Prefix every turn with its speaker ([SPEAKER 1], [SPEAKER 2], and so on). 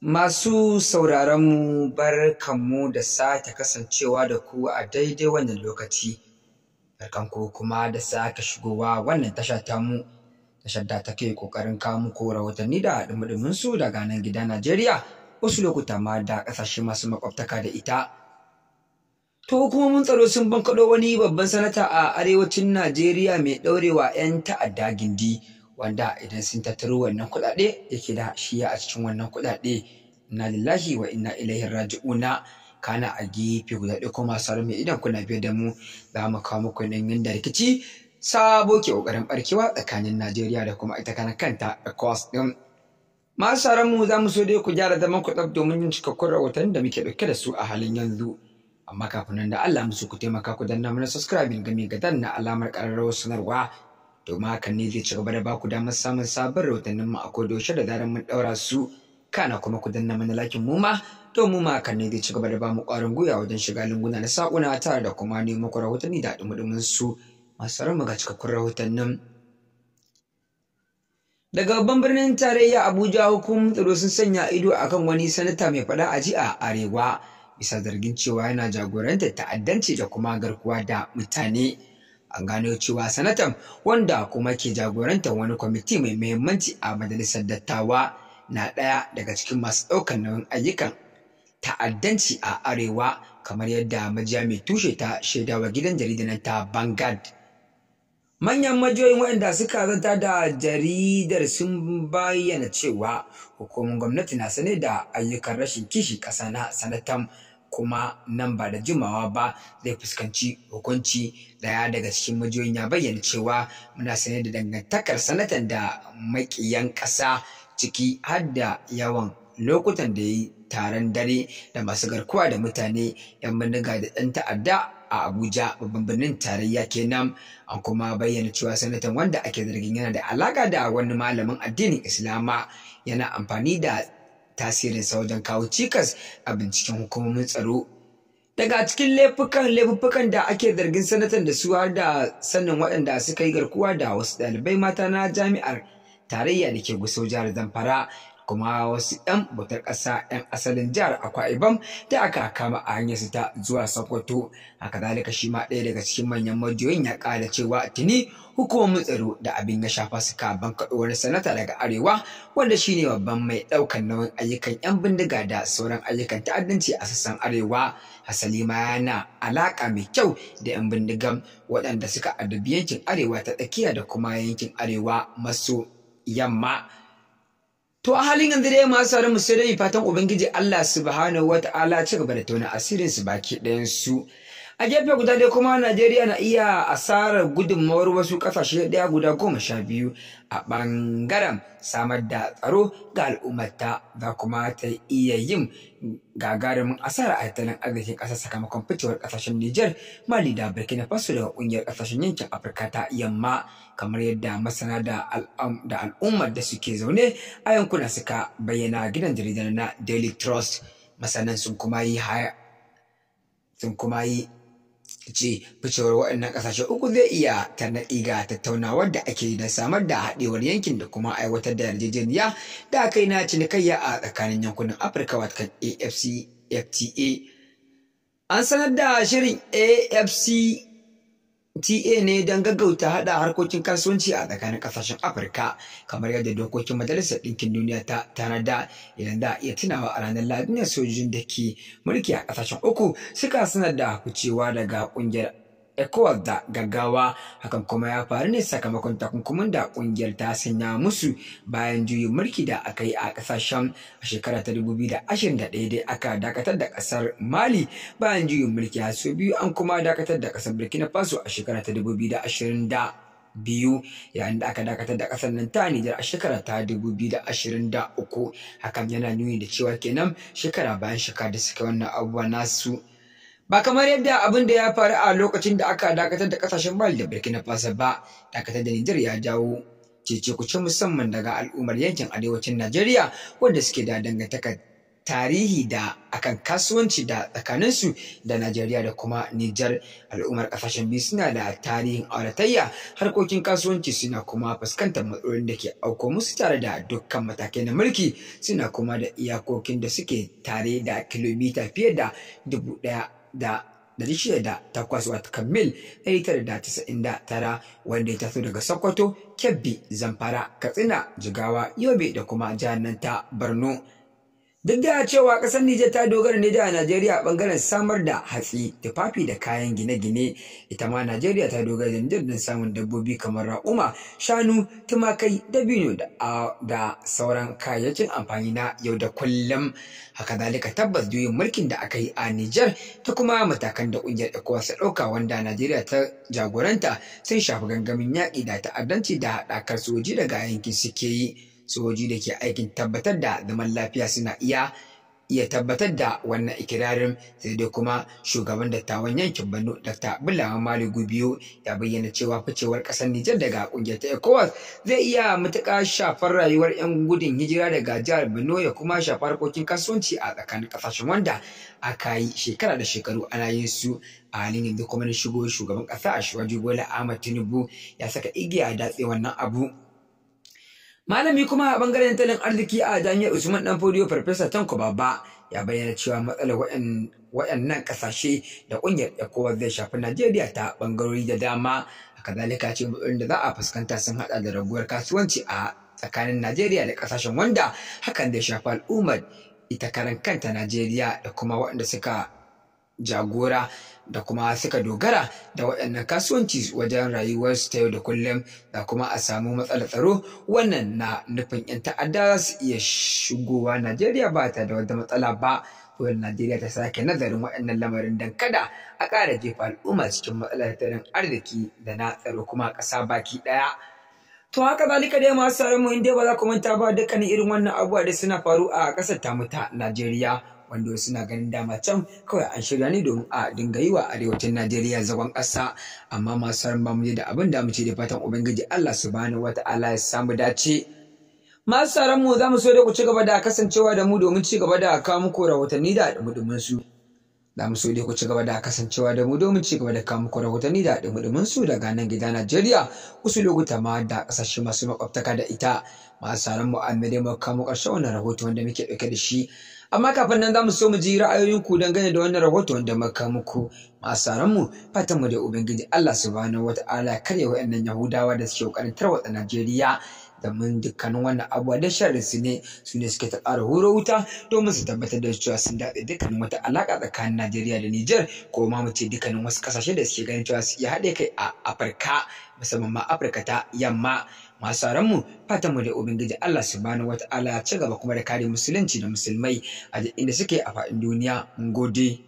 [SPEAKER 1] Masu sauraronmu barkanmu da sake kasancewa da ku a daidai wannan lokaci, barkanku kuma da sake shigowa wannan tasha tamu, tashar da take ƙoƙarin kawo muku rahotanni da ɗumuɗuminsu daga nan gida Najeriya, wasu lokuta ma da ƙasashe masu makwabtaka da ita. To hukumomin tsaro sun bankaɗo wani babban sanata a arewacin Najeriya mai ɗaurewa 'yan ta'adda gindi. wanda idan sun tattaro wannan kuɗaɗe yake da shiya a cikin wannan kuɗaɗe inna lillahi wa inna ilaihi raji'una kana a gefe guda ɗaya kuma sauran mai idan kuna biyar da mu za mu kawo muku nan yanda rikici sabo ke ƙoƙarin ɓarkewa tsakanin Najeriya da kuma ita kana kanta ECOWAS ɗin. Masu sauran mu za mu so dai ku gyara zaman ku tsaf domin yin cikakkun rahoton da muke ɗauke da su a halin yanzu. Amma kafin nan da Allah musu ku taimaka ku danna mana subscribing gami ga danna alamar ƙararrawar sanarwa domin hakan ne zai ci gaba da baku damar samun sabon rahotannin mu a kodayaushe da zarar mun ɗaura su kana kuma ku danna mana lakin mu ma to mu ma hakan ne zai ci gaba da bamu ƙwarin gwiwa wajen shiga lunguna na saƙuna tare da kuma nemo ku rahotanni da dumudumin su masu ran ga cikakkun rahotannin. Daga babban birnin tarayya Abuja hukum tsaro sun sanya ido akan wani sanata mai faɗa a ji a Arewa bisa zargin cewa yana jagorantar ta'addanci da kuma garkuwa da mutane. an gano cewa sanatan wanda kuma ke jagorantar wani kwamiti mai mahimmanci a majalisar dattawa na ɗaya daga cikin masu ɗaukan nauyin ayyukan ta'addanci a arewa kamar yadda majiya mai tushe ta shaida wa gidan jaridan ta bangad manyan majiyoyin waɗanda suka zanta da jaridar sun bayyana cewa hukumar gwamnati na sane da ayyukan rashin kishi ƙasa na sanatan kuma nan ba da jimawa ba zai fuskanci hukunci daya daga cikin majiyoyin ya bayyana cewa muna sane da dangantakar sanatan da maƙiyan ƙasa ciki har da yawan lokutan da ya yi taron dare da masu garkuwa da mutane yan bindiga da ɗan ta'adda a Abuja babban birnin tarayya kenan an kuma bayyana cewa sanatan wanda ake zargin yana da alaka da wani malamin addinin Islama yana amfani da tasirinsa wajen kawo cikas a binciken hukumomin tsaro daga cikin laifukan laifukan da ake zargin sanatan da su har da sannan waɗanda suka yi garkuwa da wasu ɗalibai mata na jami'ar tarayya da ke gusau jihar zamfara kuma wasu 'yan butar ƙasa 'yan asalin jihar akwa ibam da aka kama a hanyar ta zuwa sokoto haka zalika shi ma ɗaya daga cikin manyan majiyoyin ya ƙara cewa tuni hukumomin tsaro da abin ya shafa suka ban wani sanata daga arewa wanda shine babban mai ɗaukar nauyin ayyukan 'yan bindiga da sauran ayyukan ta'addanci a sassan arewa hasali ma yana alaƙa mai kyau da 'yan bindigan waɗanda suka addabi yankin arewa ta tsakiya da kuma yankin arewa maso yamma To a halin yanzu dai masu sauran mu sai dai fatan Ubangiji Allah subhanahu wa ta'ala ci gaba da tauna asirin su baki ɗayan su a gefe guda dai kuma najeriya na iya asarar gudunmawar wasu kasashe daya guda goma sha biyu a bangaren samar da tsaro ga al'ummata za kuma ta iya yin gagarumin asarar a tattalin arzikin ƙasa sakamakon ficewar ƙasashen Nijar, Mali da Burkina Faso da ƙungiyar ƙasashen yankin Afirka ta yamma kamar yadda masana da al'ummar da suke zaune a yankuna suka bayyana gidan jaridar na Daily Trust. Masanan sun kuma yi sun kuma yi ta ce ficewar waɗannan ƙasashe uku zai iya tarnaƙi ga tattaunawar da ake da samar da haɗewar yankin da kuma aiwatar da yarjejeniya da aka yi na cinikayya a tsakanin yankunan afirka watakan afc fta an sanar da shirin afc TA ne don gaggauta haɗa harkokin kasuwanci a tsakanin ƙasashen Afirka kamar yadda dokokin Majalisar Ɗinkin Duniya ta tanada idan da iya tunawa a ranar Ladin sojojin da ke mulki a ƙasashen uku suka sanar da kucewa daga ƙungiyar ECOWAS da gaggawa hakan kuma ya faru ne sakamakon takunkumin da kungiyar ta sanya musu bayan juyin mulki da aka yi a ƙasashen a shekara ta 2021 dai aka dakatar da ƙasar Mali bayan juyin mulki a biyu an kuma dakatar da kasar Burkina Faso a shekara ta 2020 biyu yayin da aka dakatar da kasar nan ta Nijar a shekara ta dubu hakan yana nuni da cewa kenan shekara bayan shekara da suka wannan abubuwa nasu ba kamar yadda abin da ya faru a lokacin da aka dakatar da kasashen mali da burkina faso ba dakatar da nijar ya jawo cece musamman daga al'ummar yankin arewacin najeriya wanda suke da dangantaka tarihi da akan kasuwanci da tsakaninsu da najeriya da kuma nijar al'ummar kasashen biyu suna da tarihin auratayya harkokin kasuwanci suna kuma fuskantar matsalolin da ke auko musu tare da dukkan matakai na mulki suna kuma da iyakokin da suke tare da kilomita fiye da dubu ɗaya da dari shida da takwas wata kamil ɗari tara da tasa'in da tara wanda ya taso daga sokoto kebbi zamfara katsina jigawa yobe da kuma jihar ta borno Duk da cewa ƙasar Nijar ta dogara ne da Najeriya a ɓangaren samar da hatsi, tufafi da kayan gine-gine, ita ma Najeriya ta dogara da Nijar don samun dabbobi kamar raƙuma, shanu, tumakai, dabino da sauran kayayyakin amfani na yau da kullum. Haka zalika tabbas juyin mulkin da aka yi a Nijar ta kuma matakan da ƙungiyar ECOWAS ta ɗauka wanda Najeriya ta jagoranta sun shafi gangamin yaƙi da ta'addanci da haɗakar soji daga yankin suke yi. sojoji da ke aikin tabbatar da zaman lafiya suna iya iya tabbatar da wannan ikirarin sai dai kuma shugaban dattawan yankin Borno Dr. Bulawa Mali Gubiyo, ya bayyana cewa ficewar kasar Nijar daga kungiyar ta ECOWAS zai iya matuƙa shafar rayuwar 'yan gudun hijira daga jihar Borno ya kuma shafar harkokin kasuwanci a tsakanin kasashen wanda aka yi shekara da shekaru ana yin su a halin yanzu kuma na shigo shugaban ƙasa a Bola Ahmad Tinubu ya saka igiya datse wannan abu malami kuma a bangaren tattalin arziki a jami'ar usman dan fodiyo farfesa tanko baba ya bayyana cewa matsalar waɗannan ƙasashe da ƙungiyar ecowas zai shafi najeriya ta bangarori da dama kazalika ce matsalolin da za a fuskanta sun haɗa da raguwar kasuwanci a tsakanin najeriya da ƙasashen wanda hakan zai shafi al'ummar ita karan kanta najeriya da kuma waɗanda suka jagora da kuma suka dogara da waɗannan kasuwanci wajen rayuwarsu ta yau da kullum da kuma a samu matsala tsaro wannan na nufin 'yan ta'adda za su iya shigowa najeriya ba ta da wata matsala ba wajen Najeriya ta sake nazarin waɗannan lamarin don kada a ƙara jefa al'umma cikin matsalar tattalin arziki da na tsaro kuma ƙasa baki ɗaya. To haka zalika dai masu tsaron mu inda ba za ku manta ba dukkanin irin wannan abubuwa da suna faru a ƙasar tamu ta Najeriya. wanda wasu na ganin dama can kawai an shirya ne domin a dinga yi wa arewacin Najeriya zagon ƙasa amma masu ran ba mu da abin da mu ce da fatan ubangiji Allah subhanahu wata'ala ya samu dace masu sauran mu za mu so da ku ci gaba da kasancewa da mu domin ci gaba da kawo muku rahotanni da dumudumin su za mu so dai ku ci gaba da kasancewa da mu domin ci gaba da kawo muku rahotanni da dumudumin su daga nan gida Najeriya wasu lokuta ma da kasashe masu makwabtaka da ita masu sauran mu an mu kawo mu ƙarshen wannan rahoto wanda muke ɗauke da shi amma kafin nan za mu so mu ji ra'ayoyinku dangane da wannan rahoto wanda muka muku masaranmu mu da ubangiji Allah subhanahu wata'ala karya wa'annan yahudawa da suke ƙoƙarin tarwatsa Najeriya domin dukkanin wannan abuwa da sharri su ne su ne suke ta ƙara huro wuta domin su tabbatar da cewa sun datse dukkanin wata alaƙa tsakanin Najeriya da Nijar ko ma mu ce dukkanin wasu ƙasashe da suke ganin cewa su iya haɗe kai a Afirka musamman ma Afirka ta yamma masu mu fatan mu da ubangiji Allah su subhanahu wata ya ci gaba kuma da kare musulunci da musulmai a inda suke a faɗin duniya mun gode